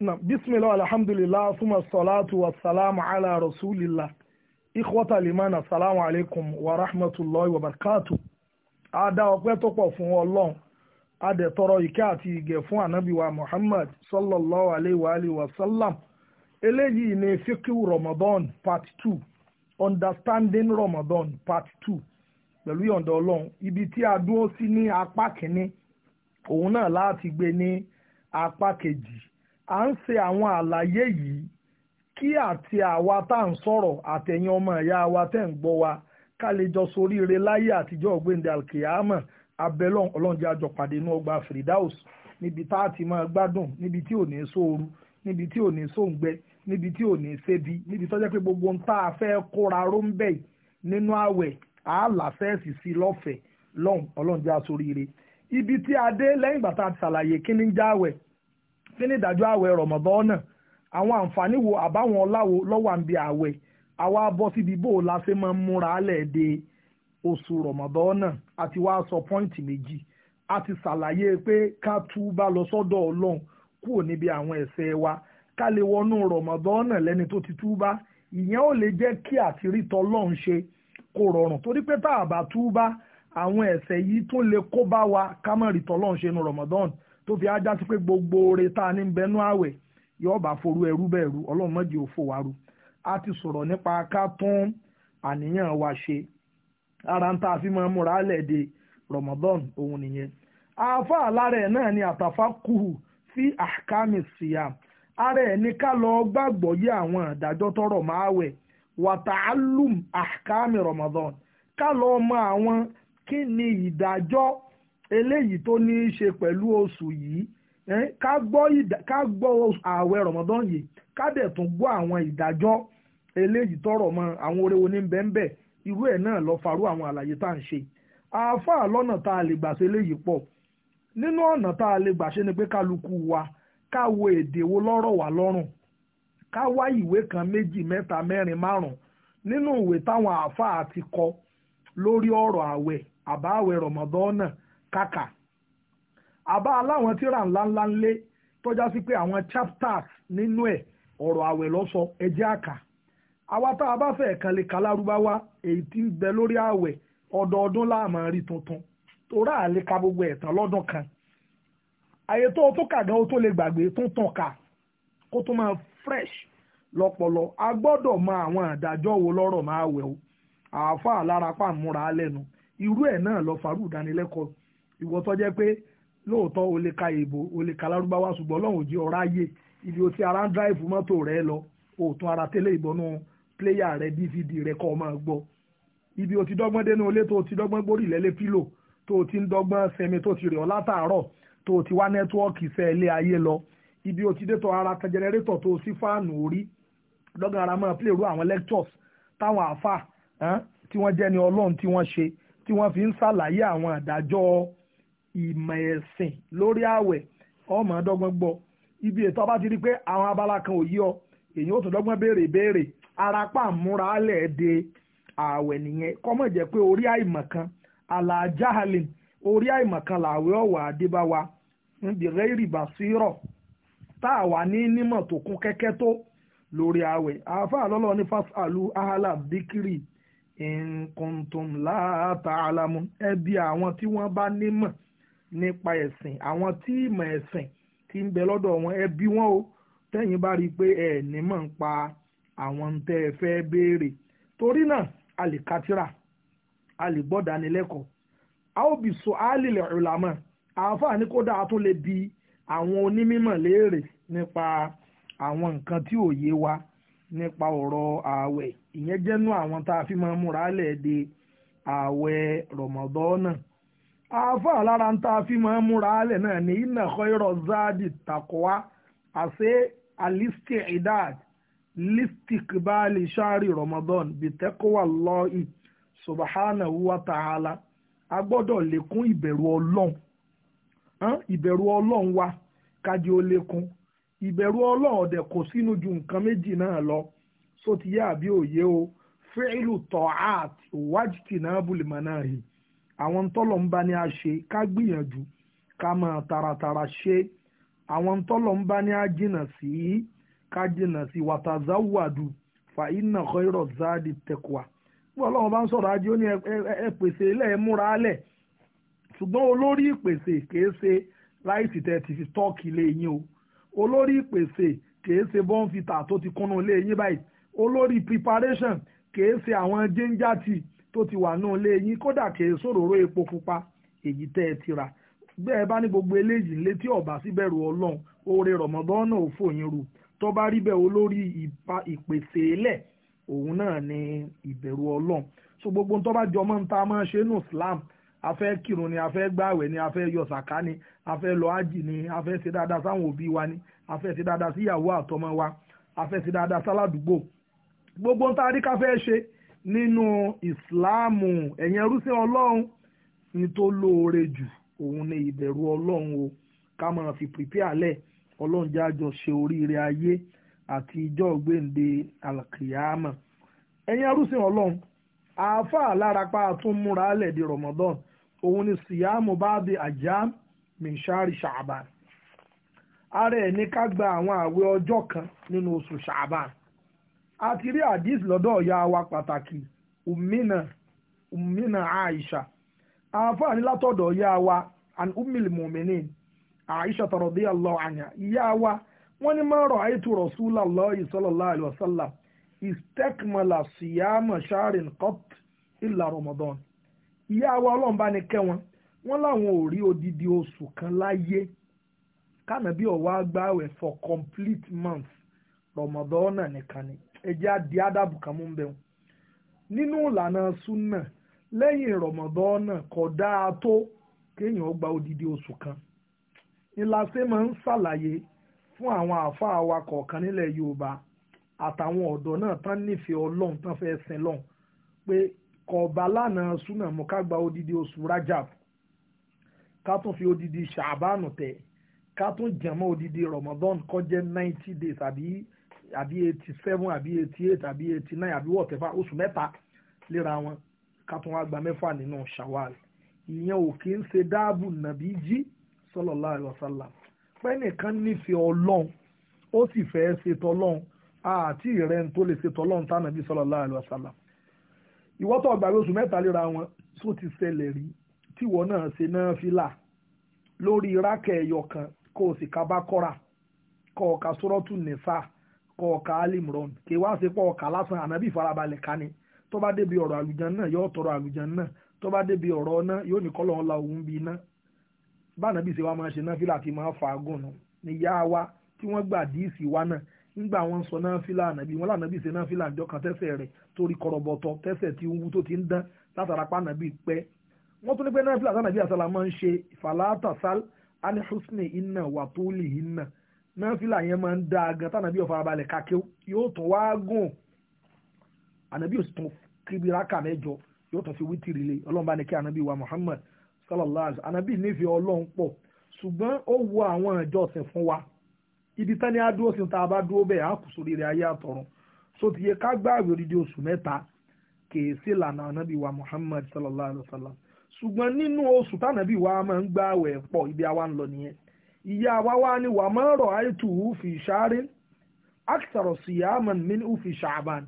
bismillah alhamdulillah suma salatu wa salamu ala rasulillah ikhwata liman assalamu alaikum wa rahmatullahi wa barakatuh ada ọpẹ́ tó pọ̀ fún Ọlọ́run adẹ̀tọ̀rọ̀ ìkẹ́ àti ìgẹ̀ fún ànábì wa Muhammad sallallahu alayhi wa alayhi wa sallam eléyìí ni fikiru Ramadan part two understanding Ramadan part two pẹ̀lú yọ̀ǹda Ọlọ́run ibi tí a dúró sí ní apá kìíní òun náà láti gbé ní apá kejì à ń ṣe àwọn àlàyé yìí kí àti àwa tá à ń sọ̀rọ̀ àtẹ̀yìn ọmọ ìyá wa tẹ̀ ń gbọ́ wa ká lè jọ soríire láyé àtijọ́ ọ̀gbẹ́ndé alkiyama abẹ́lọ́n ọlọ́njẹ́ àjọpàdé inú ọgbà Firdaus níbi tá a ti máa gbádùn níbi tí ò ní sóoru níbi tí ò ní sóǹgbẹ níbi tí ò ní sébi níbi tó jẹ́ pé gbogbo ń tá a fẹ́ kóra ró ń bẹ̀ nínú àwẹ̀ àálà fẹ́ẹ̀sì sí lọ́fẹ̀ẹ́ lọ́n ọlọ́njẹ́ àsoríire ibi tí a dé lẹ́yìn ìgbà tá a ti ṣàlàyé kíní kí ni ìdájọ́ àwẹ̀ rọ̀mọ̀bọ́ náà àwọn àǹfààní wo àbáwọn ọláwo lọ́wọ́ àǹbí àwẹ̀ àwa bọ́ síbi bó o la ṣe máa ń múra alẹ́ de oṣù rọ̀mọ̀bọ́ náà àti wá sọ pọ́ìntì méjì a ti ṣàlàyé pé ká tú bá lọ sọ́dọ̀ ọlọ́run kúrò níbi àwọn ẹ̀ṣẹ̀ wa ká lè wọnú rọ̀mọ̀bọ́ náà lẹ́ni tó ti tú bá ìyẹn ò lè jẹ́ kí àtìrí tọ́lọ́run ṣe kó rọrùn torí pé tá a bá tú bá àwọn ẹ̀ṣẹ̀ yìí tún lè kó bá wa ká má rí tọ́lọ́run ṣe nu rọ̀mọ̀dọ́nù tó ajá sí pé gbogbo oore tá a ní bẹnu àwẹ̀ yóò bá forú ẹrú bẹ́ẹ̀ rú ọlọ́run mọ́jì òfò wa rú a ti sọ̀rọ̀ nípa ká tún àníyàn wa ṣe ara ń tá a fi máa múra lẹ́ẹ̀dẹ̀ Ramadan òun nìyẹn àáfàá lára ẹ̀ náà ni àtàfà kùhù sí àkàmì síyà ara ẹ̀ ní ká lọ gbàgbọ́ yí àwọn àdájọ́ tọrọ máa wẹ̀ wàtàálùm àkàmì Ramadan ká lọ mọ àwọn kí ni ìdájọ́ eléyìí tó ní í ṣe pẹ̀lú oṣù yìí ká gbọ́ ààwẹ̀ rọ̀mọ́dán yìí ká dẹ̀ tún gbọ́ àwọn ìdájọ́ eléyìí tọ̀rọ̀ mọ́ àwọn oore wo ní bẹ́ńbẹ́ irú ẹ̀ náà lọ farú àwọn àlàyé tá à ń ṣe àáfàá lọ́nà tá a lè gbà ṣe eléyìí pọ̀ nínú ọ̀nà tá a lè gbà ṣe ni pé kálukú wa ká wo èdè wo lọ́rọ̀ wà lọ́rùn ká wá ìwé kan méjì mẹ́ta mẹ́rin márùn nínú ìwé táwọn àáfàá ti kọ lórí ọ̀rọ̀ ààwẹ̀ àbáwẹ̀ rọ̀mọ́dán náà kàkà àbá aláwọn tíra ńláńlá ńlé tọ́já sí pé àwọn chapters nínú ẹ̀ ọ̀rọ̀ àwẹ̀ lọ́sọ ẹjẹ́ àkà àwa tá a bá fẹ́ kan lè ka lárúbáwá èyí tí ń bẹ lórí àwẹ̀ ọdọọdún láàmú rí tuntun ka gbogbo ẹ̀tàn lọ́dún kan àyè tó o tó kà gan o tó lè gbàgbé tuntun kó tó máa fresh lọ́pọlọ a gbọ́dọ̀ mọ àwọn wo lọ́rọ̀ máa wẹ̀ o àáfàá lẹ́nu irú ẹ̀ náà lọ ìwọ tó jẹ́ pé lóòótọ́ o lè ka èèbò o lè ka lárúbáwá ṣùgbọ́n ọlọ́run ò jẹ́ ọ̀rá yé ibi tí ara ń dráìfù mọ́tò rẹ lọ òòtún ara tẹ́lẹ̀ ìbọnú pléyà rẹ dvd rẹ kọ́ máa gbọ́ ibi o ti dọ́gbọ́n dénú ilé tó o ti dọ́gbọ́n gbórí lẹ́lẹ́ pílò tó o ti ń dọ́gbọ́n sẹ́mi tó ti rẹ̀ ọ́ látàárọ̀ tó o ti wá nẹ́tíwọ́ọ̀kì iṣẹ́ ilé ayé lọ ibi o ti dé ara kan jẹnẹrétọ̀ tó o sì fáànù orí dọ́gbọ́n ara máa pléèrú àwọn lectures táwọn àáfà tí wọ́n jẹ́ ni tí wọ́n ṣe tí wọ́n fi ń ṣàlàyé àwọn àdájọ́ ìmọ̀ ẹ̀sìn lórí ààwẹ̀ ọmọ ọdọ́gbọ́n gbọ́ ibi ètò ọba ti rí pé àwọn abala kan ò yí ọ èyí ó tún dọ́gbọ́n béèrè béèrè arapa múra lẹ̀ de ààwẹ̀ nìyẹn kọ́mọ̀ jẹ́ pé orí àìmọ̀ kan àlàjáhalin orí àìmọ̀ kan làwẹ̀ ọ̀wà àdébáwa ndìrẹ́ ìrìbà sírọ̀ tá a wà ní nímọ̀ tó kún kẹ́kẹ́ tó lórí ààwẹ̀ àáfàá lọ́lọ́ ní fásálù ahala dikiri nkuntum láàtà alamu ẹbí àwọn tí wọ́n bá nímọ̀ nípa ẹ̀sìn àwọn tí ìmọ̀ ẹ̀sìn ti ń bẹ lọ́dọ̀ wọn ẹ wọn o tẹ́yìn bá rí i pé ẹ ní mọ̀ ń pa àwọn ń tẹ́ ẹ fẹ́ béèrè torí náà a lè katira a lè gbọ́ dánilẹ́kọ̀ọ́ a ó bì so àálìlẹ̀ ìlàmọ̀ àáfàá ní kódà a tún lè bi àwọn onímọ̀ léèrè nípa àwọn nǹkan tí ò yé wa nípa ọ̀rọ̀ ààwẹ̀ ìyẹn jẹ́nu àwọn tá a fi máa múra lẹ̀ de ààwẹ̀ rọ̀mọ̀dọ́ àáfà lára ń tá fi máa ń múra alẹ̀ náà ní àṣẹ idad shari ramadan bitẹ́kọ́wà lọ́ọ̀ì subhanahu wa a gbọ́dọ̀ lékún ìbẹ̀rù ọlọ́run ìbẹ̀rù ọlọ́run wa kájí ó lékún ìbẹ̀rù ọlọ́run ọ̀dẹ̀ kò sínú ju nǹkan méjì náà lọ sótìyá àbí òye o fíìlù tọ́ àt wájìtì náà bùlìmọ̀ àwọn tọ́lọ̀ ń bá ní a ṣe ká gbìyànjú ká máa taratara ṣe àwọn tọ́lọ̀ ń bá ní a jìnà sí ká jìnà sí wàtàzáwàdù fàínà kọ́ìrọ̀ záàdì tẹ̀kùà bí ọlọ́run bá ń sọ̀rọ̀ ajé ó ní ẹ pèsè ilẹ̀ ẹ múra alẹ̀ ṣùgbọ́n olórí ìpèsè kìí ṣe láìsí tẹ́ ti fi tọ́ọ̀kì lé yín o olórí ìpèsè kìí ṣe bọ́ǹfìtà tó ti kúnnú lé yín báyìí olórí preparation kìí ṣe àwọn jíńjà tíì tó ti wà náà lé yín kódà kìí sòròrò epo pupa èyí tẹ́ ẹ ti rà bẹ́ẹ̀ bá ní gbogbo eléyìí létí ọ̀bà síbẹ̀rù ọlọ́run oore rọ̀mọ́dán náà ò fòyín ru tó bá rí bẹ́ẹ̀ olórí ìpèsè lẹ̀ òun náà ni ìbẹ̀rù ọlọ́run so gbogbo tó bá jọmọ́ ń máa ṣe nù Islam a fẹ́ ni a fẹ́ gbààwẹ̀ ni a yọ sàká ni a fẹ́ lọ ájì ni a fẹ́ ṣe dáadáa sáwọn òbí wa ni a ṣe dáadáa síyàwó àtọmọ wa a fẹ́ ṣe dáadáa sáládùúgbò gbogbo ń ta ṣe nínú ìsìláàmù ẹ̀yẹn rúṣẹ́ ọlọ́run ní tó lóore jù òun ni ìbẹ̀rù ọlọ́run o ká máa fi pèpè àlẹ́ ọlọ́run jájọ ṣe oríire ayé àti ìjọ gbèǹde alkiyama ẹ̀yin arúsìn ọlọ́run àáfàá lárapá tún múra lẹ́ẹ̀dẹ̀ ramadan òun ni siyamu báàbí ajam minshari shaaban ara ẹ̀ ní ká gba àwọn àwẹ̀ ọjọ́ kan nínú oṣù shaaban a ti rí àdìs lọ́dọ̀ ọ̀yá wa pàtàkì umina umina aisha àǹfààní látọ̀dọ̀ ọ̀yá wa an umil muminin aisha radiyallahu wa wọ́n ní máa rọ̀ àìtú wasallam ramadan ìyá wa ọlọ́run bá ní wọn wọ́n láwọn ò rí odidi oṣù kan láyé kánàbí ọ̀wá gbáwẹ̀ for complete month nìkan ni ẹ̀jẹ̀ adi ádàbù kan mú bẹ́ẹ̀ nínú ìlànà súnà lẹ́yìn rọ̀mọ̀dọ́nà kò dáa tó kéèyàn gba odidi oṣù kan ìlàsẹ́ máa ń ṣàlàyé fún àwọn àáfàá wa kọ̀ọ̀kan nílẹ̀ yorùbá àtàwọn ọ̀dọ́ náà tán nífẹ̀ẹ́ ọlọ́run tán fẹ́ sin lọ́hùn pé kọ̀ọ̀bá lánàá súnà mú ká gba odidi oṣù rajab ká tún fi odidi ṣàbánù tẹ̀ ká tún jẹ̀mọ́ odidi rọ̀mọ̀dọ́n kọjẹ́ ninety days àbí àbí eighty seven àbí eighty eight àbí eighty nine àbí whatever oṣù mẹ́ta léra wọn ká tún wá gba mẹ́fà nínú ṣàwàl ìyẹn ò kí ń ṣe dáàbù nàbí jí sallallahu alaihi wasallam pé nìkan nífẹ̀ẹ́ ọlọ́run ó sì fẹ́ ṣe tọlọ́run àti ìrẹ́ ń tó lè ṣe tọlọ́run tánàbí sallallahu alaihi wasallam ìwọ́tọ̀ ọgbà oṣù mẹ́ta léra wọn tó ti ṣẹlẹ̀ rí tíwọ́ náà ṣe náà fílà lórí rákẹ̀ ẹ̀yọ̀ kan kó o sì kábákọ́ra kó o kà sọ́rọ́tù nìfà kọ ọ̀ka alimron kì í wá sí pọ̀ ọ̀ka lásán ànábì farabalẹ̀ ká ni tó bá débi ọ̀rọ̀ àlùján náà yóò tọrọ àlùján náà tó bá débi ọ̀rọ̀ náà yóò ní kọ́lọ́ ọ̀la òun bí iná bánàbí ṣe wá máa ṣe náà fílà tí máa fa agùn nù ní yá wa tí wọ́n gbà díìsì wa náà nígbà wọn sọ náà fílà ànàbí wọn lànàbí ṣe náà fílà àjọ kan tẹ́sẹ̀ rẹ̀ torí kọ̀rọ̀bọ̀tọ̀ tẹ́sẹ̀ tí ń wú tó ti ń dán látara pànàbí pẹ́ wọ́n tún ní pé náà fílà àtànàbí àsálà máa ń ṣe fàlàtà sal anihusni iná wàtúlì iná náfìlà yẹn máa ń dá a gan tànàbí ọ̀farabalẹ̀ kakẹ́ yóò tún wá gùn ànàbí ò sì tún kíbiraka mẹ́jọ yóò tún fi wítìrì lé ọlọ́run bá ní wa Muhammad sallallahu alaihi ànàbí nífẹ̀ẹ́ ọlọ́run pọ̀ ṣùgbọ́n ó wo àwọn ìjọsìn fún wa ibi tán ni a dúró sí ta bá dúró bẹ́ẹ̀ so ti yẹ ká gbààwé oṣù mẹ́ta lànà ànàbí Muhammad ìyá awawa wá wa wà máa rọ̀ àìtù fi ṣáárì akitaro siyaman min fi ṣàbàn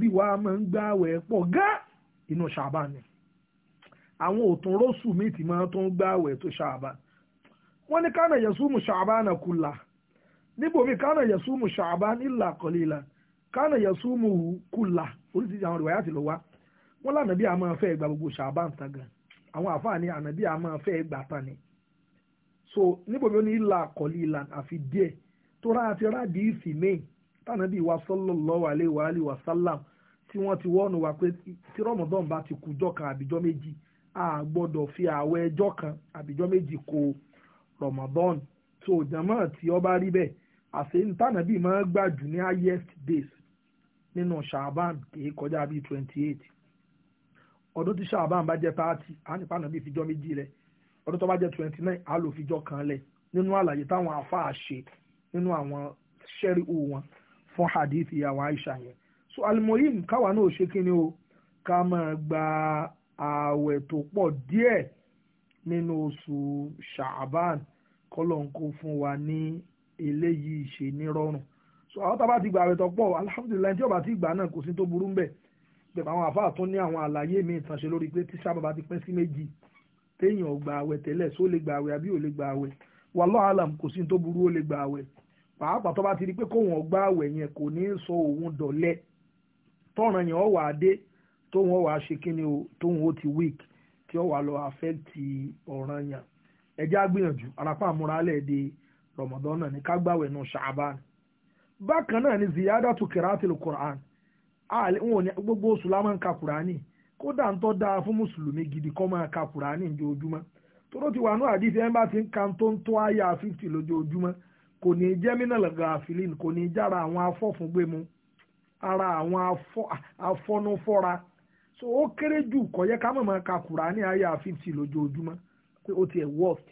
bi wa máa ń gbààwẹ̀ pọ̀ gá inú ṣàbàn ni àwọn òtún rọ́ṣù mi ti máa tó ń gbààwẹ̀ tó ṣàbàn wọ́n ní kánà yasumu ṣàbàn kùlà níbo mi kánà yasumu ṣàbán ìlà kọlíla kánà yasumu kùlà oríṣiríṣi àwọn ìwáyà ti lọ wá wọn lànàbí àmọ́ fẹ́ gba gbogbo ṣàbán tán gan àwọn àfáàní ànàbí àmọ́ fẹ́ gbà tán ni so níbòmí ó ní ìlà àkọlí ìlà àfi díẹ̀ tó rà àti rádi ìfì mẹ́yìn tànàbí wa sallallahu alaihi ti alihi ti wọ́nu pe pé tí rọ́mọdọ́n bá ti kújọ́ kan àbíjọ́ a gbọ́dọ̀ fi àwọ̀ ẹjọ́ kan àbíjọ́ méjì kó so tó jàmọ́ tí ọba rí bẹ́ẹ̀ àṣẹ tànàbí máa gbà jù ní highest days nínú ṣàbán kìí kọjá bíi twenty eight ọdún tí jeta bá jẹ́ thirty méjì ọdún tó bá jẹ́ twenty nine á lò fìjọ kan lẹ̀ nínú àlàyé táwọn afáà ṣe nínú àwọn ṣẹ́rí o wọn fún hadith ìyàwó Aisha yẹn so alimoyim káwa náà ṣe kí ni o ká máa gba ààwẹ̀ tó pọ̀ díẹ̀ nínú oṣù Sha'aban kọlọ̀ǹkó fún wa ní eléyìí ṣe nírọ̀rùn so àwọn tá a bá ti gba ààwẹ̀ tó pọ̀ alhamdulilayi tí ó bá ti gbà náà kò sí tó burú mbẹ̀ bẹ̀rẹ̀ àwọn àfáà tún ní àwọn àlàyé mi ìtànṣe lórí pé tíṣà bàbá ti pín sí méjì téèyàn gba àwẹ̀ tẹ́lẹ̀ so lè gba àwẹ̀ àbí ò lè gba àwẹ̀ wallahu alam kò sí tó burú ó lè pàápàá tó bá ti rí pé kóun ọgbà àwẹ̀ yẹn kò ní sọ òun dọ̀lẹ́ tọ́ràn yẹn ó wà á dé ṣe kíni o ó ti weak tí ọ̀wà lọ àfẹ́ǹtì ọ̀ràn yẹn ẹjẹ́ àgbìyànjú arapa àmúra lẹ́ẹ̀dẹ́ Ramadan náà ní ká nù ni ziyadatu kiratil kódà ń tọ́ fún mùsùlùmí gidi kọ́ máa ka kùránì ojoojúmọ́ tóró ti wà ní àdìsí ẹ̀ ń ti ń ka tó ń tó àyà fifty lójoojúmọ́ kò ní jẹ́ mínàlá gàfìlín kò ní jára àwọn afọ́fúngbẹ́mu ara àwọn afọ́nufọ́ra so ó kéré jù kò yẹ ká mọ̀ máa ka kùránì àyà fifty lójoojúmọ́ pé ó ti ẹ̀ worst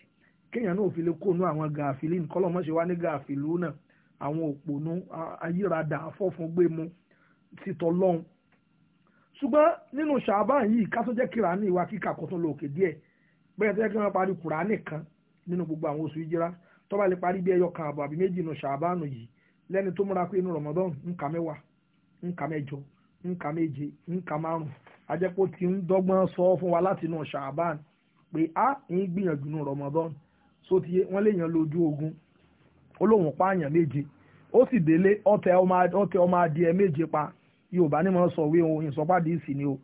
kéèyàn náà fi lè kóònù àwọn gàfìlín àwọn òpònú ayírada afọ́fúngbẹ́mu títọ́ lọ́hùn ṣùgbọ́n nínú ṣàbáàn yìí ká tó jẹ́ kìràní ìwà kíkà kó tó lọ òkè díẹ̀ bẹ́ẹ̀ tó kí wọ́n parí kùránì kan nínú gbogbo àwọn oṣù ìjìrá tó pari lè parí bí ẹyọ kan àbọ̀ àbí méjì nínú ṣàbáàn yìí lẹ́ni tó múra pé inú rọ̀mọ́dọ́n nǹka mẹ́wàá nǹka mẹ́jọ nǹka méje nǹka márùn ajẹ́pọ̀ ti ń dọ́gbọ́n a ń gbìyànjú yorùbá ní máa sọ wí ohun ìsọpáàdì ìsìn ni o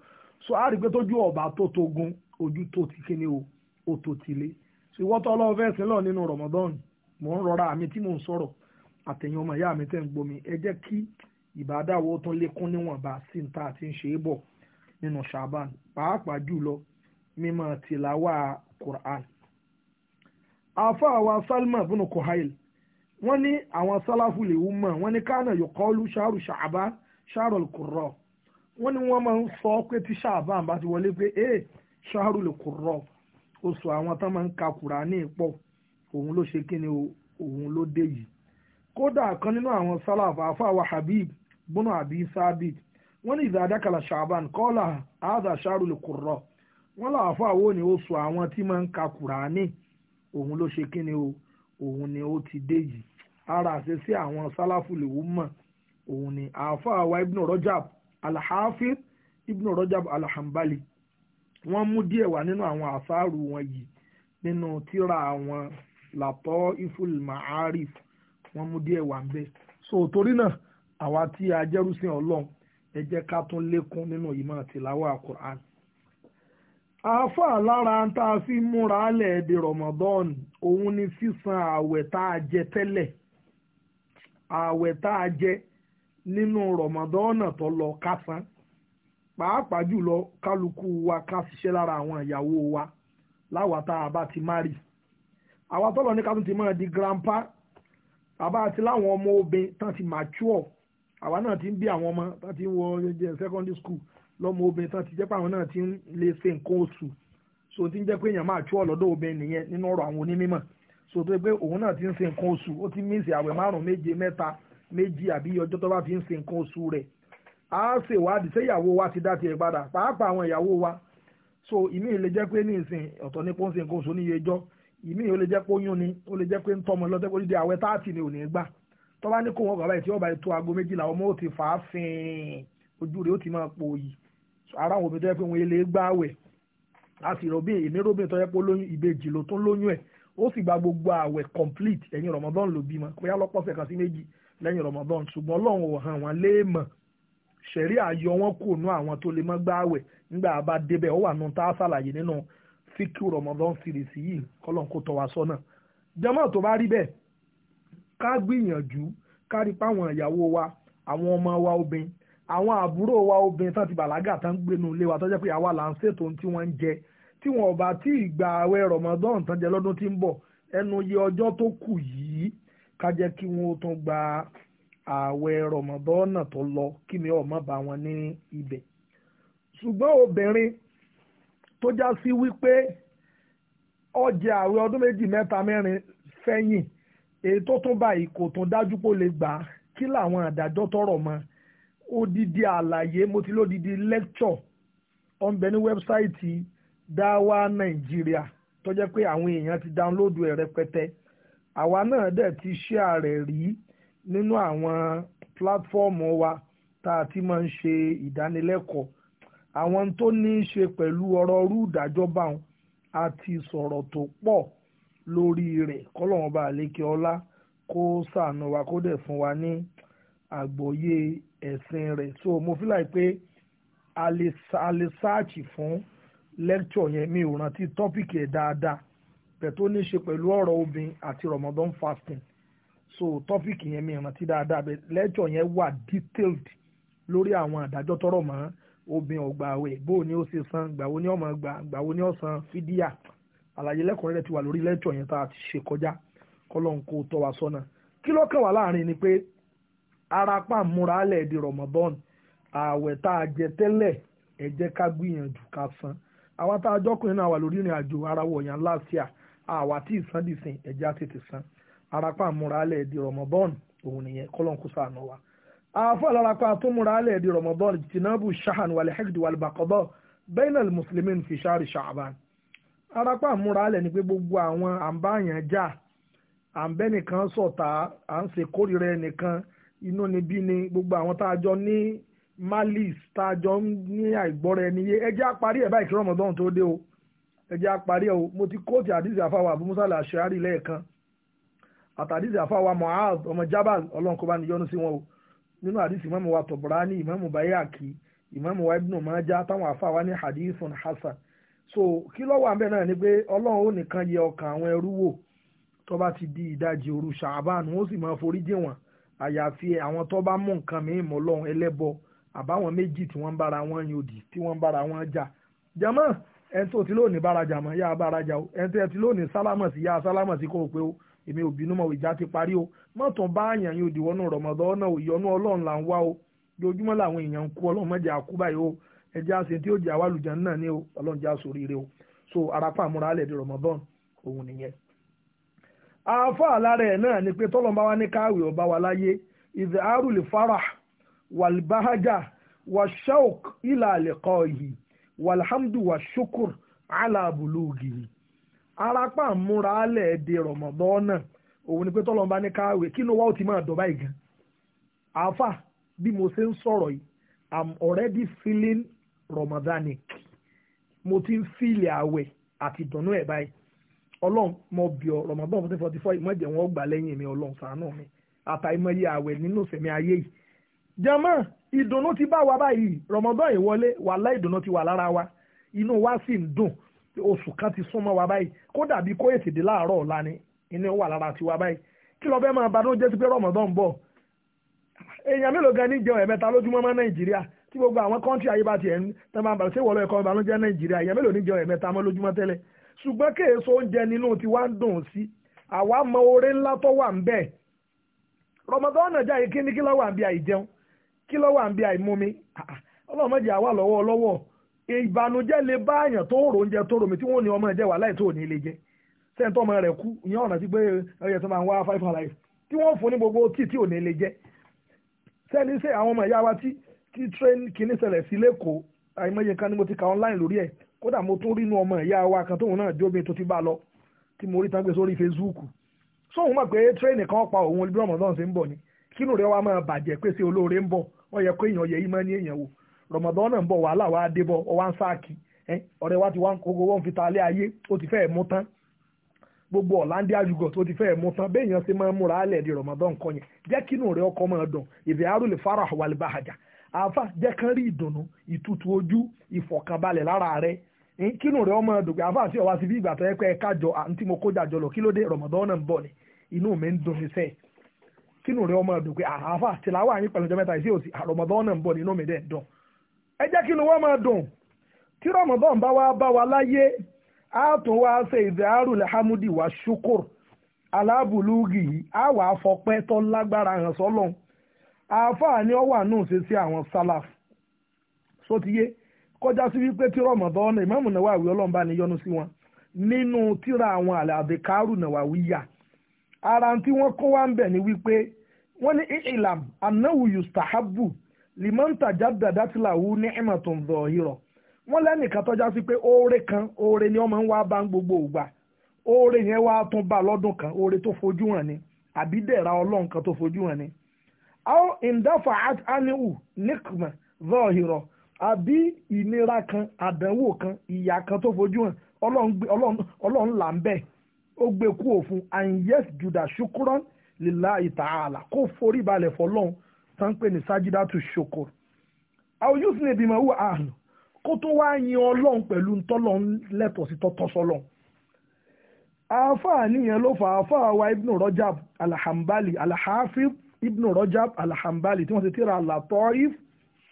so a rí i pé tójú ọba tó togun ojú tó ti kíni o ó tó ti lé so ìwọ́ tó ọlọ́run fẹ́ẹ́ sílọ̀ nínú Ramadan mò ń rọra àmì tí mò ń sọ̀rọ̀ àtẹ̀yìn ọmọ ìyá mi tẹ̀ ń gbomi ẹ jẹ́ kí ìbádáwọ̀ tó lékún níwọ̀nba sí ta àti ń ṣe é bọ̀ nínú Shaban pàápàá jùlọ mímọ́ tìláwà Quran àfáà wa Salma bunu Kuhail wọ́n ní àwọn sálàfù lè wú mọ́ wọ́n ní kánà yòókọ́lù ṣáàrù Shaban ṣáàrò kùrọ wọn ni wọn máa ń sọ pé tí ṣáàbàn bá ti wọlé pé ee ṣáàrò kùrọ oṣù àwọn tán máa ń ka kùránì pọ̀ òun ló ṣe kíni òun ló dé yìí kódà kan nínú àwọn sálàfà àfàwà habib bùnú àbí sábìt wọn ní ìdá àdákàlà ṣáàbàn kọ́là àádà ṣáàrò kùrọ wọn làáfà wo ni oṣù àwọn tí máa ń ka kùránì òun ló ṣe kíni òun ni ó ti dé yìí ara àṣẹ sí àwọn sálàfù lèwú mọ̀ òun ni àáfàá wa ibn rajab alhafiz ibn rajab alhambali wọ́n mú díẹ̀ wá nínú àwọn àsáàrù wọn yìí nínú tírà àwọn làtọ́ iful ma'arif wọ́n mú díẹ̀ wá ń so torí náà àwa tí a jẹ́rúsìn ọlọ́run ẹ jẹ́ ká tún lékún nínú ìmọ̀ tìláwà quran àáfàá lára tá a fi múra lẹ̀ di ramadan òun ni sísan ààwẹ̀ tá a jẹ tẹ́lẹ̀ ààwẹ̀ tá a jẹ tẹ́lẹ̀ nínú rọ̀mọ̀dọ́nà tó lọ kásán pàápàá jùlọ kálukú wa ká ṣiṣẹ́ lára àwọn ìyàwó wa láwa tá a bá ti márì àwa tọ́lọ̀ ní ká ti máa di grandpa àbá àti láwọn ọmọ obìnrin tán ti mature àwa náà ti ń bí àwọn ọmọ tán ti ń wọ secondary school lọ́mọ obìnrin tán ti jẹ́ pé àwọn náà ti ń lè ṣe nǹkan oṣù so ti ń jẹ́ pé èèyàn mature lọ́dọ̀ obìnrin nìyẹn nínú ọ̀rọ̀ àwọn onímọ̀ so tó yẹ pé òun náà ti ń ṣe nǹkan oṣù ó ti mísì àwẹ̀ márùn-ún méje mẹ́ta méjì àbí ọjọ́ tó bá fi ń ṣe nǹkan oṣù rẹ̀ á ṣèwádìí ṣé ìyàwó wa ti dá tiẹ̀ padà pàápàá àwọn ìyàwó wa so ìmí lè jẹ́ pé ní ìsìn ọ̀tọ̀ ní pọ́ńsẹ̀ nǹkan oṣù níye ẹjọ́ ìmí ò lè jẹ́ pé oyún ni ó lè jẹ́ pé ń tọ́mọ lọ́tẹ́ pé dídí àwẹ̀ táàtì ni ò ní gbà tó bá ní kó wọn bàbá ìtí ọba ètò aago méjìlá ọmọ ò ti fà á fìn ojú rẹ̀ ó ti máa pòòyì ara àwọn òbí tó yẹ pé wọn èlé gbà àwẹ̀ a sì rọ̀ bí èmi róbìn tó yẹ pé olóyún ìbejì ló tún lóyún ẹ̀ ó sì gba gbogbo àwẹ̀ complete ẹ̀yìn Ramadan ló bímọ pé alọ́pọ̀sẹ̀ kan sí méjì lẹ́yìn Ramadan ṣùgbọ́n ọlọ́run ò hàn wọ́n léèmọ̀ ṣẹ̀rí àyọ wọn kò nú àwọn tó lè mọ́ gbáwẹ̀ nígbà bá débẹ̀ ó wà nù tá a nínú fíkì Ramadan series yìí kọ́lọ́n kó tọ́ wa sọ́nà jẹ́mọ́ tó bá rí bẹ́ẹ̀ ká gbìyànjú ká rí ìyàwó ọmọ wa obìnrin àwọn àbúrò wa obìnrin tán ti bàlágà tán gbénu ilé wa tó jẹ́ pé àwa là ń ṣètò tí wọ́n ń jẹ tí tán jẹ lọ́dún tí ń bọ̀ ẹnu iye ọjọ́ tó kù ká jẹ́ kí wọ́n tún gba ààwẹ̀ rọ̀mọ̀dọ́nà tó lọ kí mi ò má bá wọn ní ibẹ̀ ṣùgbọ́n obìnrin tó já sí wípé ọjà àwẹ̀ ọdún méjì mẹ́ta mẹ́rin fẹ́yìn èyí tó tún báyìí kò tún dájú pé lè gbà á kí làwọn àdájọ́ tọrọ mọ́ odidi àlàyé mo ti lódidi lecture ọ̀nbẹ ní wẹ́bsáìtì dáwà nàìjíríà tó jẹ́ pé àwọn èèyàn ti dáńlódù ẹ̀ rẹpẹtẹ àwa náà dẹ̀ ti share rẹ̀ rí nínú àwọn pílátífọ́ọ̀mù wa tá a ti máa ń ṣe ìdánilẹ́kọ̀ọ́ àwọn tó ní í ṣe pẹ̀lú ọ̀rọ̀ ọrú ìdájọ́ báwọn àti sọ̀rọ̀ tó pọ̀ lórí rẹ̀ kọ́lọ́wọ́n bá lékè ọlá kó ṣàánú wa kó dẹ̀ fún wa ní àgbọ́yé ẹ̀sìn rẹ̀ so mo fi láì pé a lè sáàchì fún lẹ́kítọ̀ yẹn mi ò rántí tọ́pìkì ẹ̀ dáadáa bẹ̀ tó ní ṣe pẹ̀lú ọ̀rọ̀ obìn àti Ramadan fasting so topic yẹn mi ìrántí dáadáa bẹ̀ lecture yẹn wà detailed lórí àwọn àdájọ́ tọrọ mọ́ obìn ọ̀gbàwẹ̀ bó ni ó ṣe san gbàwo ni ọmọ gbà gbàwo ni ó san fídíà àlàyé lẹ́kùnrẹ́rẹ́ ti wà lórí lecture yẹn tá a ti ṣe kọjá kọ́lọ́n kó tọ́ wa sọ́nà kí ló kàn wá láàrin ni pé arapa múra alẹ́ di Ramadan ààwẹ̀ tá a jẹ tẹ́lẹ̀ ẹ jẹ́ ká gbìyànjú ká san àwọn tá a jọkùnrin náà wà lórí ìrìn àjò ara wọ̀nyàn láàfíà àwa tí ìsandì sìn ẹ̀jẹ̀ á tètè san arapa àmúralẹ̀ di rọmọbọ́ọ̀nù òun nìyẹn kọ́lọ́n kó sànù wa. àáfà larapa tó múralẹ̀ di rọmọbọ́ọ̀nù jìtìnàbù shahan wàlẹ̀ hẹ́gìdì wàlẹ̀ bàkọ́bọ̀ bainal muslimin fi shari sha'ban. arapa àmúralẹ̀ ni pé gbogbo àwọn àǹbáyàn já àǹbẹ́nìkan sọ̀tà à ń ṣe kórìíra ẹnìkan inú níbí ni gbogbo àwọn tá ní malice tá ní àìgbọ́ra ẹni yé ẹjẹ́ àparí ẹ̀ báyìí kí rọmọdọ́n tó dé o ẹjẹ́ àparí ẹ̀ o mo ti kóòtù àdìsí àfáwà Abu Musa al-Ash'ari lẹ́ẹ̀kan àtàdìsí àfáwà Mu'adh ọmọ Jabal ọlọ́nkọ́ bá ní yọ́nú sí wọn o nínú àdìsí ìmáàmù wa Tabrani ìmáàmù Bayhaqi ìmáàmù wa Ibn Majah táwọn àfáwà ní hadithun hasan so kí lọ́wọ́ àbẹ́ náà ni pé ọlọ́run ó nìkan yẹ ọkàn àwọn ẹrú wò tó bá ti di ìdajì òru ṣàbán wọn ó sì máa forí jì wọ́n àyàfi àwọn tó bá mú nǹkan mìíràn mọ́ ọlọ́run ẹlẹ́bọ àbáwọn méjì tí wọ́n ń bára wọn yòdì tí wọ́n ń bára wọn jà jàmáà ẹni tó ti lónìí bárajà mọ́ yá o ẹni tó ti lónìí sálámọ̀ yá sálámọ̀ o pé o èmi ò bínú ìjà ti parí o mọ́tò bá àyàn di wọnú rọ̀mọ́dọ́ náà ìyọnú ọlọ́run là ń wá o làwọn èèyàn ń kú báyìí o ẹjẹ́ àṣẹ tí ó jẹ́ àwálùjá náà ní o já sórí rẹ o so arapa àmúra afọ náà ni pé ọba wa láyé ìdè arúlé wàlbáhájà ìlà yìí walhamdu wa shukur aláàbùlógìrì arápá múra alẹ́ èdè rọ̀mọ̀dọ́nà òun ni pé tọ́lọ́mbà ní káwé kí ló wá ó ti máa dọ̀bá ìgàn àáfà bí mo ṣe ń sọ̀rọ̀ yìí i'm already feeling ramadanic mo ti ń fíìlì àwẹ̀ àti ìdùnnú ẹ̀ báyìí ọlọ́run mo bí ọ rọ̀mọ̀dọ́n fourteen forty four ìmọ̀ ìjẹ̀wọ̀n ọgbà lẹ́yìn mi ọlọ́run ṣàánú mi àtàìmọye àwẹ̀ nínú ìsẹ̀mí ayé yìí jama ìdùnnú ti bá wa báyìí rọmọdán yìí wọlé wàhálà ìdùnnú ti wà lára wa inú wa sì ń dùn oṣù kan ti súnmọ́ wa báyìí kódà bí kó èsì dé láàárọ̀ ọ̀la ni inú wà lára tiwa báyìí kí lọ fẹ́ máa banú jẹ́ sí pé rọmọdán ń bọ̀ èèyàn mélòó gan ní jẹun ẹ̀mẹ́ta lójúmọ́ mọ́ nàìjíríà tí gbogbo àwọn kọ́ńtì ayé bá tiẹ̀ ń tẹ́ máa bàrẹ̀ sí ìwọ̀lọ́ ẹ̀kọ́ ìbànújẹ́ nàìjíríà èèyàn mélòó ní jẹun ẹ̀mẹ́ta mọ́ lójúmọ́ tẹ́lẹ̀ ṣùgbọ́n kéèso oúnjẹ nínú ti wá ń dùn sí àwa mọ oore ńlá tó wà ń bẹ̀ rọmọdán náà jáde kíníkí lọ́wọ́ àbí àìjẹun kí ló wà ń bí àìmumi ah, ah, ọlọ́run mọ̀jẹ̀ àwa lọ́wọ́ lọ́wọ́ ìbànújẹ́ lè bá àyàn tó rò oúnjẹ tó romi tí wọ́n ní ọmọ ẹ̀jẹ̀ wà láì tó ní ilé jẹ́ sẹ́ńtọ́ ọmọ rẹ̀ kú ìyẹn ọ̀nà sí pé ẹ̀yẹ tó máa ń wá five alive tí wọ́n fún ní gbogbo tí tí ò ní ilé jẹ́ sẹ́ni sẹ́ àwọn ọmọ ìyá wa tí tí train kìíní ṣẹlẹ̀ sí lẹ́kọ̀ọ́ àìmọye kan ni mo ti kà online lórí ẹ̀ kódà mo tún rínú ọmọ ìyá wa kan tóun náà jóbi tó ti bá lọ tí mo rí tán gbé sórí Facebook sóun mọ̀ pé train kan pa òun bí náà ṣe ń bọ̀ ni kínú rẹ̀ wa máa bàjẹ́ pé olóore ń bọ̀ ó yẹ kó èèyàn yẹ ìmọ̀ ní èèyàn wò rọmọdán náà ń bọ̀ wàhálà wa dé wá wa ti wá ń kókó fi ta alẹ́ ayé ó ti fẹ́ẹ̀ mú tán gbogbo ọ̀làndí àjùgọ̀ tó ti fẹ́ẹ̀ mú tán ṣe máa ń múra di yẹn rẹ ọkọ máa dùn fara àáfà kán rí ìdùnnú ìtutù ojú lára rẹ rẹ ọmọ àáfà sí bí ìgbà tó yẹ ẹ kájọ àǹtí mo kó jàjọ kí ló dé ni inú mi ń dùn kínú rẹ ọmọ ẹ̀dùn pé àhàfà ah, tìláwà anyị pẹ̀lú ọjọ́ isi ìṣe òsì àrọ̀mọ̀dán ah, náà ń bọ̀ nínú dùn ẹ jẹ́ kínú máa dùn tí bá wá wa láyé á tún wá ṣe ìdáàrú lẹ́hámúdì wá ṣúkúr alábùlùgì á wà á fọpẹ́ tó lágbára kọjá sí wípé tí náà náà wà wí ara tí wọ́n kó wá ń bẹ̀ ni wípé wọ́n ní ìlàm anáwù yustahabu limanta jadada ti làwù ní ìmọ̀tún zọ̀hírọ̀ wọ́n lẹ́nìkan tọ́já sí pé oore kan oore ni wọ́n máa ń wá bá gbogbo ògbà oore yẹn wá tún bá lọ́dún kan oore tó fojú hàn ni àbí dẹ̀ra ọlọ́run kan tó fojú hàn ni. aw ìndáfà anihu nikma zọ̀hírọ̀ àbí ìnira kan àdánwò kan ìyà kan tó fojú hàn ọlọ́run là ó gbé kú òfun and juda ṣukuran lillahi ta'ala kó forí balẹ̀ fọlọ́n tán pé ní sájídá tu ṣokòrò àwọn yóò sì ní ìbímọ wò àánú kó tó wá yin ọlọ́run pẹ̀lú ntọ́lọ́ lẹ́tọ̀ sí tọ́tọ́ àáfàá nìyẹn ló fà àáfàá wa ibnu rajab alhambali alhafid ibnu rajab alhambali tí wọ́n ti tíra latoif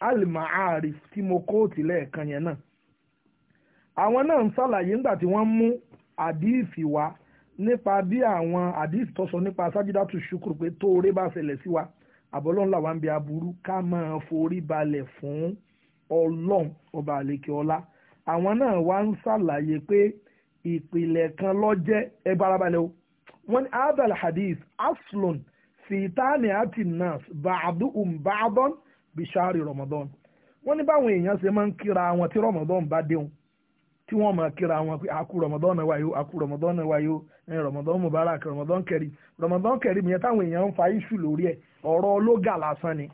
almaarif tí mo kóòtì lẹ́ẹ̀kan yẹn náà àwọn náà ń ṣàlàyé nígbà tí wọ́n mú àdíìfì wá nípa bí àwọn àdìs tó sọ nípa sájídá tó ṣukúrú pé tó oore bá ṣẹlẹ̀ sí wa àbọ̀lọ́n làwọn ń bi aburú ká máa forí balẹ̀ fún ọlọ́run ọba àlekè ọlá àwọn náà wá ń ṣàlàyé pé ìpìlẹ̀ kan lọ́jẹ́ ẹ barabalẹ̀ o wọ́n ní adal hadith aslon fìtánì àti nas bàdú umbadon bishari ramadan wọ́n ní báwọn èèyàn ṣe máa ń kíra àwọn tí ramadan bá déhùn tí wọ́n máa kíra wọn pé akú rọmọdọ́nà wa yó akú rọmọdọ́nà wa yó ẹ̀yìn rọmọdọ́n mubarak rọmọdọ́n kẹrì rọmọdọ́n kẹrì mi yẹn táwọn èèyàn ń fa iṣu lórí ẹ̀ ọ̀rọ̀ ológa lásán ni.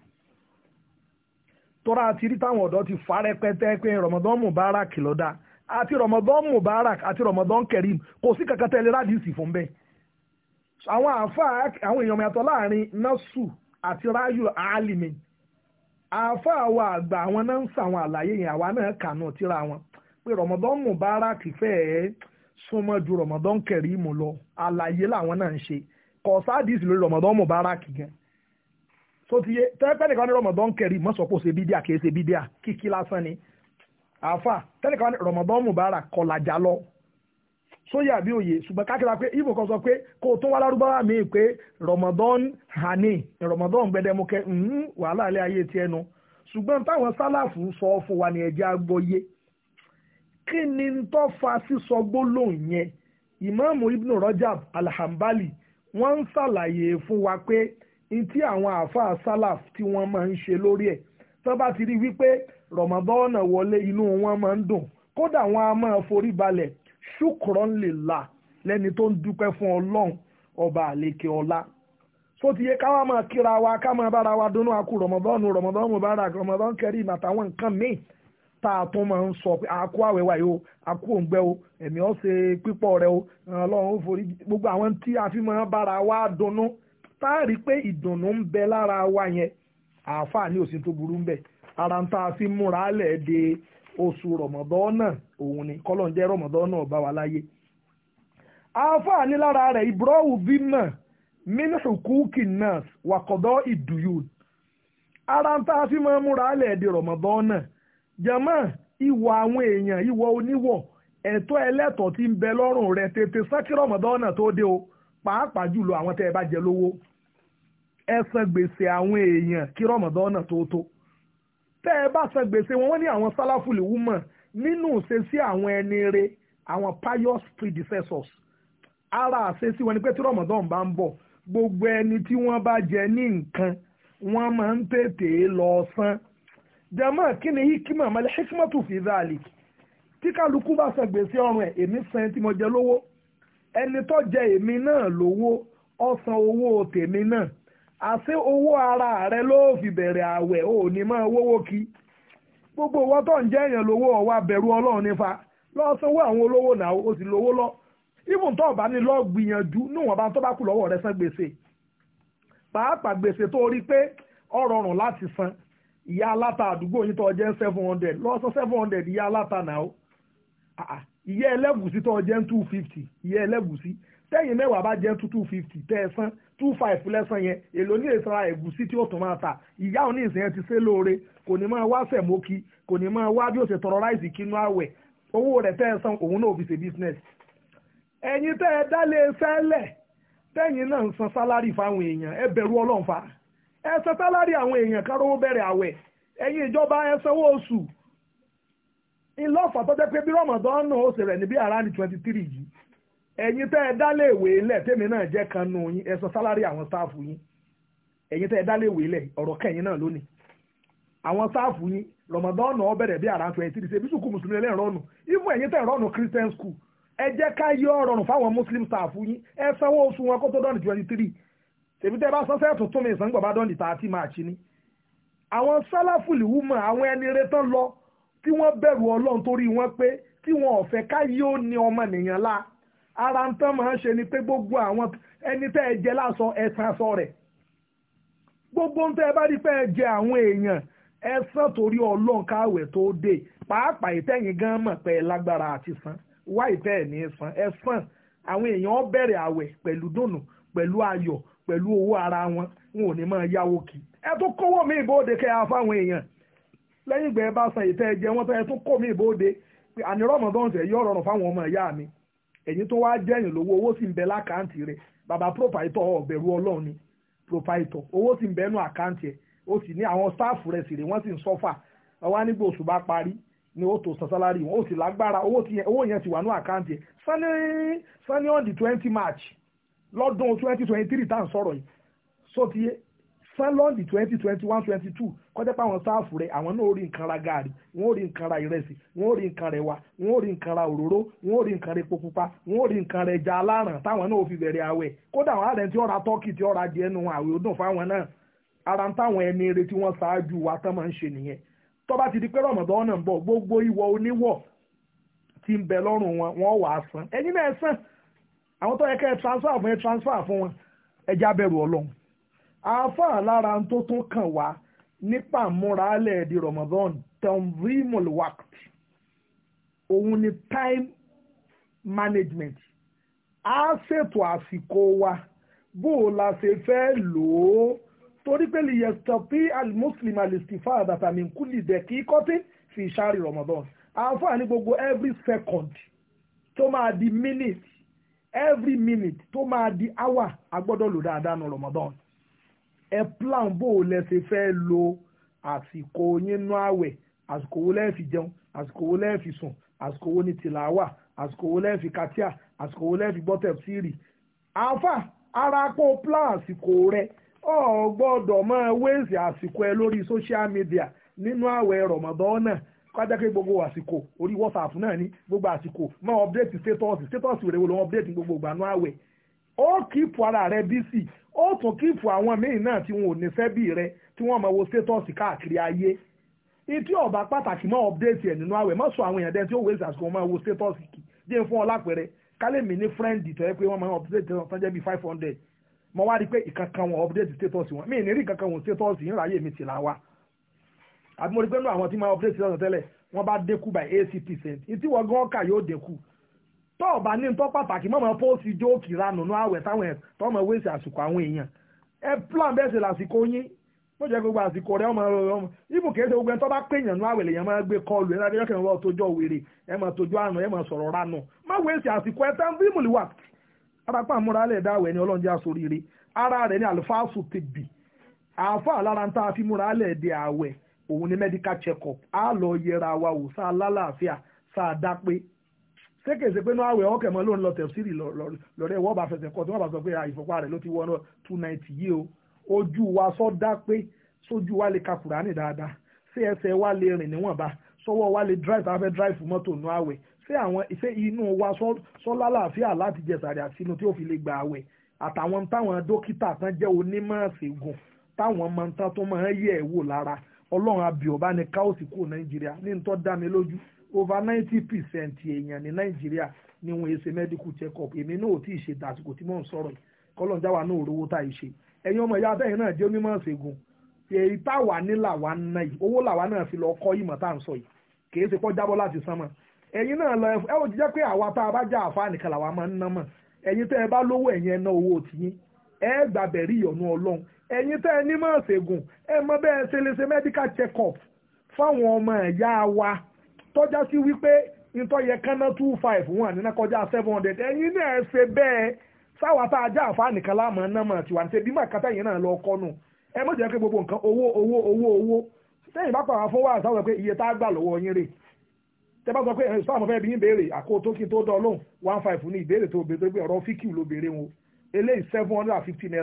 tọ́ra àti rí táwọn ọ̀dọ́ ti fa rẹpẹtẹ pé rọmọdọ́n mubarak lọ́dà àti rọmọdọ́n mubarak àti rọmọdọ́n kẹrì kò sí kankan tẹ́lẹ̀ rádìsì fún bẹ́ẹ̀. àwọn àáfàá àwọn èèyàn mẹ́tọ́ láàrin nasu àti rayu alimi àáfàá wa àgbà àwọn náà ń sàwọn àlàyé yẹn àwa náà kà tíra wọn pé Ramadan Mubarak fẹ́ẹ́ súnmọ́ ju Ramadan Kareem lọ àlàyé làwọn náà ń ṣe kò sáàdìsì lórí Ramadan Mubarak gan so ti yé tẹ́lẹ̀pẹ́ nìkan ní Ramadan Kareem mọ́ sọ pé ó ṣe bídíà kì í ṣe bídíà kíkí lásán ni àáfà tẹ́lẹ̀kan ní Ramadan Mubarak kọlàjà lọ sóyè àbí òye ṣùgbọ́n kákìlá pé ibo kan sọ pé kó o tó wá lárúbáwá mi pé Ramadan hani Ramadan gbẹdẹmukẹ wàhálà ilé ayé tiẹ̀ nu ṣùgbọ́n táwọn sálàfù sọ fún wa ní ẹ̀jẹ̀ agbóyé kí ni tó fa sísọ gbólóhùn yẹn ìmáàmù ibn rajab alhambali wọ́n ń ṣàlàyé fún wa pé n tí àwọn àáfàá salaf tí wọ́n máa ń ṣe lórí ẹ̀ tó bá ti rí wípé rọ̀mọ́dọ́nà wọlé inú wọn máa ń dùn kódà wọn a máa forí balẹ̀ ṣùkúrọ̀ ń lè là lẹ́ni tó ń dúpẹ́ fún ọlọ́run ọba àlekè ọlá tó ti yẹ káwa máa kíra wa ká bára wa dúnú akú rọmọdọ́nù rọmọdọ́nù bára rọmọdọ́nù kẹrí àtàwọn nǹkan míì tá a tún máa ń sọ pé àkó àwẹ̀wà yìí o àkó òǹgbẹ o ẹ̀mí ọ̀ pípọ̀ rẹ o ọlọ́run ó forí gbogbo àwọn tí a fi máa bára wa dunnú tá a rí i pé ìdùnnú ń bẹ lára wa yẹn àáfàá ní òsì tó burú ń bẹ ara ń tá a fi múra lẹ̀ de oṣù rọ̀mọ̀dọ́ náà òun ni kọ́lọ́n jẹ́ rọ̀mọ̀dọ́ náà bá wa láyé àáfàá ní lára rẹ̀ ìbúrọ́wù bímọ min hukuki nas wakọ̀dọ́ ìdùyù ara ń tá a fi máa múra lẹ̀ de rọ̀mọ̀dọ́ náà jàmá ìwà àwọn èèyàn ìwà oníwọ̀ ẹ̀tọ́ ẹlẹ́tọ̀ tí ń bẹ lọ́rùn rẹ tètè sákìrọ̀ mọ̀dọ́nà tó dé o pàápàá jùlọ àwọn tẹ́ ẹ bá jẹ lówó ẹ san gbèsè àwọn èèyàn kí rọ̀mọ̀dọ́nà tó tó tẹ́ ẹ bá san gbèsè wọn wọ́n ní àwọn sáláfùlì woman nínú ìṣesí àwọn ẹni re àwọn pious predecessors ara àṣesí wọn ni pé tí rọ̀mọ̀dọ́n bá ń bọ̀ gbogbo ẹni tí wọ́n bá jẹ ní nǹkan wọ́n máa ń tètè lọ san jama kí ni hikima mali hikimatu fi dhalik tí kálukú bá san gbèsè ọrùn ẹ̀ èmi san tí mo jẹ lówó ẹni tó jẹ èmi náà lówó ó san owó tèmi náà àṣé owó ara rẹ ló fi bẹ̀rẹ̀ àwẹ̀ ò ní máa wówó kí gbogbo owó tó ń jẹ́ èèyàn lówó ọ̀wá bẹ̀rù ọlọ́run nífa lọ́ọ́ sanwó àwọn olówó náà ó sì lówó lọ even tó bá ní lọ gbìyànjú níwọ̀n bá tó bá kù lọ́wọ́ rẹ san gbèsè pàápàá gbèsè tó rí pé ó rọrùn láti san ìyá aláta àdúgbò yìí tó jẹ́ seven hundred lọ́sọ seven hundred ìyá aláta náà ah, ah, ìyá ẹlẹ́gùsí tó jẹ́ two fifty ìyá ẹlẹ́gùsí tẹ́yìn mẹ́wàá bá jẹ́ two two fifty tẹ́ two five lẹ́sàn yẹn èlò ní ìsara ẹ̀gúsí tí ó tún máa ta ìyá òní ìsìn yẹn ti ṣe lóore kò ní máa wá sẹ̀mókì kò ní máa wá bí ó ṣe tọrọ ráìsì kínú àwẹ̀ owó rẹ̀ tẹ́ ẹ san òun náà fi ṣe business. ẹ̀yin tẹ́ ẹ dálé e sẹ́lẹ̀ tẹ́yìn náà ń san sálárì fáwọn èèyàn ẹ bẹ̀rù ọlọ́run fa ẹ san sálárì àwọn èèyàn kan rówó bẹ̀rẹ̀ àwẹ̀ ẹ̀yin ìjọba ẹ sanwó oṣù ńlọ́fà tó pé bí náà ní twenty three yìí ẹ̀yin tẹ́ ẹ dálé ìwé ilẹ̀ tèmi náà jẹ́ kan nù yín ẹ àwọn sáàfù yín ẹ̀yin tẹ́ ẹ dálé ìwé ilẹ̀ ọ̀rọ̀ náà lónìí àwọn sáàfù yín rọ̀mọ̀dán náà ó bẹ̀rẹ̀ bí twenty three ṣe bí sùkúù mùsùlùmí Christian tèmi tẹ́ bá sọ́sẹ́ tuntun mi ìsàn gbọ̀bá dán lìtà àti máa ṣí ni. àwọn sálàfùlì wúmọ̀ àwọn ẹni retán lọ tí wọ́n bẹ̀rù ọlọ́run torí wọn pé tí wọn ò fẹ́ káyé ó ní ọmọ nìyàn la ara ń tán máa ń ṣe ni pé gbogbo àwọn ẹni tẹ́ ẹ jẹ lásọ ẹ̀sán sọ rẹ̀ gbogbo ń tẹ́ ẹ bá rí pé ẹ jẹ àwọn èèyàn ẹ̀sán torí ọlọ́run káwẹ̀ tó dé pàápàá ìtẹ́yìn gan mọ̀ pé lágbára àti san wá ìtẹ́ ẹ̀ ní san ẹ̀sán àwọn èèyàn bẹ̀rẹ̀ àwẹ̀ pẹ̀lú dùnnú pẹ̀lú ayọ̀ pẹ̀lú owó ara wọn wọn ò ní máa yáwó kì ẹ tún kówó mi ìbòde kẹ́ ẹ fáwọn èèyàn lẹ́yìn ìgbà ẹ bá san ìtẹ́ ẹ jẹ wọ́n tán ẹ tún kó mi ìbòde àní rọ́mọdán tẹ̀ yọ ọ̀rọ̀ fáwọn ọmọ ìyá mi ẹ̀yin tó wáá jẹ́yìn lówó owó sì ń bẹ lákàntì rẹ̀ bàbá proprietor ọ̀bẹ̀rù ọlọ́run ni proprietor owó sì ń bẹ́nu àkáǹtì ẹ̀ ó sì ní àwọn sáàfù rẹ̀ sì rè wọ́n sì ń sọ́fà ọwọ́ nígbà oṣù bá parí ni ó tó san sálárì wọn ó sì lágbára owó yẹn sì wà ní àkáǹtì ẹ̀ sanni sanni on the twenty march lọ́dún 2023 twenty three tá à ń sọ̀rọ̀ yìí sótìyé sẹ́lọ́ndì twenty twenty one twenty kọjá pé àwọn sáàfù rẹ̀ àwọn náà ó rí nǹkan ra gààrí wọ́n ó rí nǹkan ra ìrẹsì wọ́n ó rí nǹkan rẹ̀ wá rí nǹkan òróró wọ́n rí nǹkan rẹ̀ rí nǹkan ẹja aláràn táwọn náà ó fi bẹ̀rẹ̀ kódà àwọn tí ó ra tí ó ra àwẹ̀ fáwọn wọn wọ́n wàá san ẹ̀yin náà àwọn tó yẹ kẹ́ ẹ transfer fún ẹ transfer fún wọn ẹ já bẹ̀rù ọlọ́run àáfàá lára tó tún kàn wá nípa múra alẹ́ di Ramadan tanzimul waqt òun ni time management a ṣètò àsìkò wa bó o la ṣe fẹ́ lò ó torí pé lè yẹtọ̀pí almuslim alistifa àdàtàmí kúlì dẹ̀kí kọ́tí fi ṣáàrì Ramadan àáfàá ní gbogbo every second tó máa di minute every minute tó máa di hour agbọ́dọ̀ lò dáadáa nù Ramadan ẹ plan bó o lẹ ṣe fẹ́ lo àsìkò yín nú àwẹ̀ àsìkò wo lẹ́ẹ̀ fi jẹun àsìkò wo lẹ́ẹ̀ fi sùn àsìkò wo ni tìlàwà àsìkò wo lẹ́ẹ̀ fi katia àsìkò wo lẹ́ẹ̀ fi gbọ́tẹ̀ sírì àáfà ara kó plan àsìkò rẹ ọ gbọ́dọ̀ máa wéèsì àsìkò ẹ lórí social media nínú àwẹ̀ Ramadan náà kájá pé gbogbo àsìkò orí whatsapp náà ni gbogbo àsìkò máa update status status rẹ̀ wo ló ń update gbogbo ìgbà náà àwẹ̀ ó kíìpù ara rẹ̀ bísì ó tún kíìpù àwọn míì náà tí wọn ò ní fẹ́ bí rẹ tí wọ́n máa wo status káàkiri ayé ìtí ọba pàtàkì máa update ẹ̀ nínú àwẹ̀ má sọ àwọn èèyàn dẹ́n tí ó wé àsìkò máa wo status kì jẹ́ fún ọ lápẹ̀rẹ̀ kálẹ̀ mi ní friend tó yẹ pé wọ́n máa update tó jẹ́ bí five hundred mo wá rí i pé ìkankan wọn update status wọn mi ní rí ìkankan wọn status yìí ń ráyè mi tì láwa àbí mo rí pé nínú àwọn tí máa operate lọ́sàn tẹ́lẹ̀ wọ́n bá dínkù by eighty percent ìtí wọ́n gan ọkà yóò dínkù tó o bá ní nǹkan pàtàkì mọ̀mọ́ póòsì jókì ranù ní àwẹ̀ táwọn ẹ̀ tó mọ̀ wéṣẹ̀ àsìkò àwọn èèyàn ẹ plan bẹ́ẹ̀ ṣe lásìkò yín mo jẹ́ gbogbo àsìkò rẹ̀ ọmọ ọmọ ibù kìí ṣe gbogbo ẹni tó bá pè yàn ní àwẹ̀ lèèyàn máa gbé kọlù ẹ̀ lábẹ́ yọkẹ́ wọn tójọ́ wèrè ẹ máa tójọ́ àná ni ọlọ́run jẹ́ ara rẹ̀ ni àlùfáàsù ti bì àáfà lára ń tá a fi múra lẹ̀ dé àwẹ̀ òun ni medical check up á lọ yẹra wa wò sá lálàáfíà sá dápé sékèsè pé náà àwẹ̀ ọkẹ̀ mọ́ ló ń lọ tẹ̀síìrì lọ́rẹ́ wọ́n bá fẹsẹ̀ kọ́ tí wọ́n bá sọ pé ah, ìfọ̀pá rẹ̀ ló ti wọ́n two ninety yìí o ojú wa sọ dápé sójú wa lè ka kùránì dáadáa ṣé ẹsẹ̀ wa lè rìn níwọ̀nba sọ́wọ́ wa lè drive afẹ́ drive mọ́tò nù àwẹ̀ ṣé àwọn ṣé inú wa sọ́lá làáfíà láti jẹ sàrẹ̀ àti inú tí ó fi lè gba àwẹ̀ àtàwọn táwọn dókítà tán jẹ́ onímọ̀ ṣègùn táwọn mọ̀ tán tó máa ń yẹ̀ wò lára ọlọ́run abiyọ̀bá ni káòsì kúrò nàìjíríà ní ntọ́ dá mi lójú over ninety percent èèyàn ní nàìjíríà ni wọ́n ṣe medical check up èmi náà ò tí ì ṣe dàsìkò tí mò ń sọ̀rọ̀ yìí kọ́lọ́njà wa náà rówó tá ì ṣe ẹ̀yin ọmọ ìyá abẹ́yìn náà jẹ́ onímọ̀ ṣègùn èyí táwa ní làwa ná yìí owó làwa náà fi lọ kọ́ ìmọ̀ tá à ń sọ yìí kìí ṣe pọ́ jábọ́ láti sánmọ̀ ẹ̀yin náà lọ ẹ ò jẹ́ pé àwa tá a bá já àfa nìkan làwa máa ń ná mọ̀ ẹ̀yin tẹ́ ẹ bá lówó ẹ̀yin ẹ ná owó tiyín ẹ gbàbẹ̀rí ìyọ̀nù ọlọ́run ẹ̀yin tẹ ẹ nímọ̀ ṣègùn ẹ mọ ẹ ṣe lè ṣe medical check up fáwọn ọmọ ẹ̀yà wa tọ́já sí wípé nítorí yẹ kánná two five one nínú kọjá seven hundred ẹ̀yin náà ṣe bẹ́ẹ̀ sáwà tá a já àfa nìkan láàmú nọ́mọ̀ tiwa ṣe bí náà lọ kọ́ nù ẹ mọ̀ gbogbo nǹkan owó owó owó owó sẹ́yìn bá pé iye tá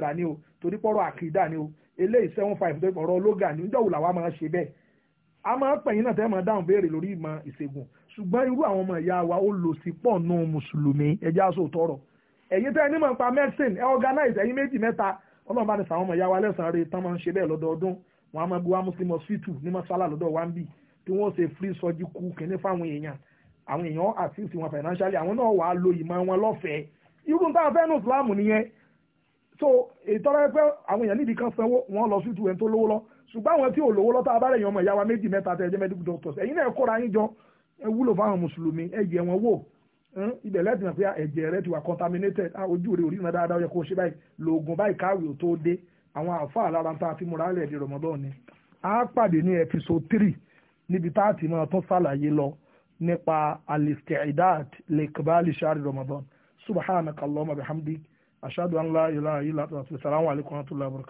a torí pọ̀rọ̀ àkìdá ni o eléyìí seven five torí pọ̀rọ̀ ológa ni níjọ́ wò làwa máa ṣe bẹ́ẹ̀ a máa ń pẹ̀yìn náà tẹ́ máa dáhùn béèrè lórí ìmọ̀ ìṣègùn ṣùgbọ́n irú àwọn ọmọ ìyá wa ó lò sí pọ̀ nù mùsùlùmí ẹjẹ́ aṣọ òtọ́rọ̀ ẹ̀yin tẹ́ ẹni mọ̀ nípa medicine ẹ organize ẹ̀yin méjì mẹ́ta ọlọ́run bá ní sàwọn ọmọ ìyá wa lẹ́sàn-án rẹ̀ tán máa financially àwọn náà lo ìmọ̀ wọn lọ́fẹ̀ẹ́ irú táwọn fẹ́ẹ́ nù Islam so ìtọ́lá pé àwọn èèyàn níbi kan sanwó wọn lọ sí ìtúwẹ̀ tó lówó lọ ṣùgbọ́n àwọn tí ò lówó lọ́tà abárẹ̀ èèyàn ọmọ ìyá wa méjì mẹ́ta tẹ̀ ẹ̀jẹ̀ medical doctors ẹ̀yin náà kóra yín jọ ẹ wúlò fáwọn mùsùlùmí ẹ yẹ̀ wọ́n wò ibẹ̀ lẹ́tì náà pé ẹ̀jẹ̀ rẹ ti wà contaminated ojú rẹ òrìnnà dáadáa yẹ kó ṣe báyìí lóògùn báyìí káwé ò tó dé àwọn àáfàá lára tá a fi múra lẹ̀ di rọmọdọ́ ni a pàdé ní ashadu an la ilaha illa anta astaghfiruka wa atubu ilayk